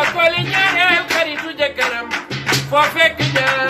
boo ko li ñaanal xaritu jëkkëram foo fekk ñaan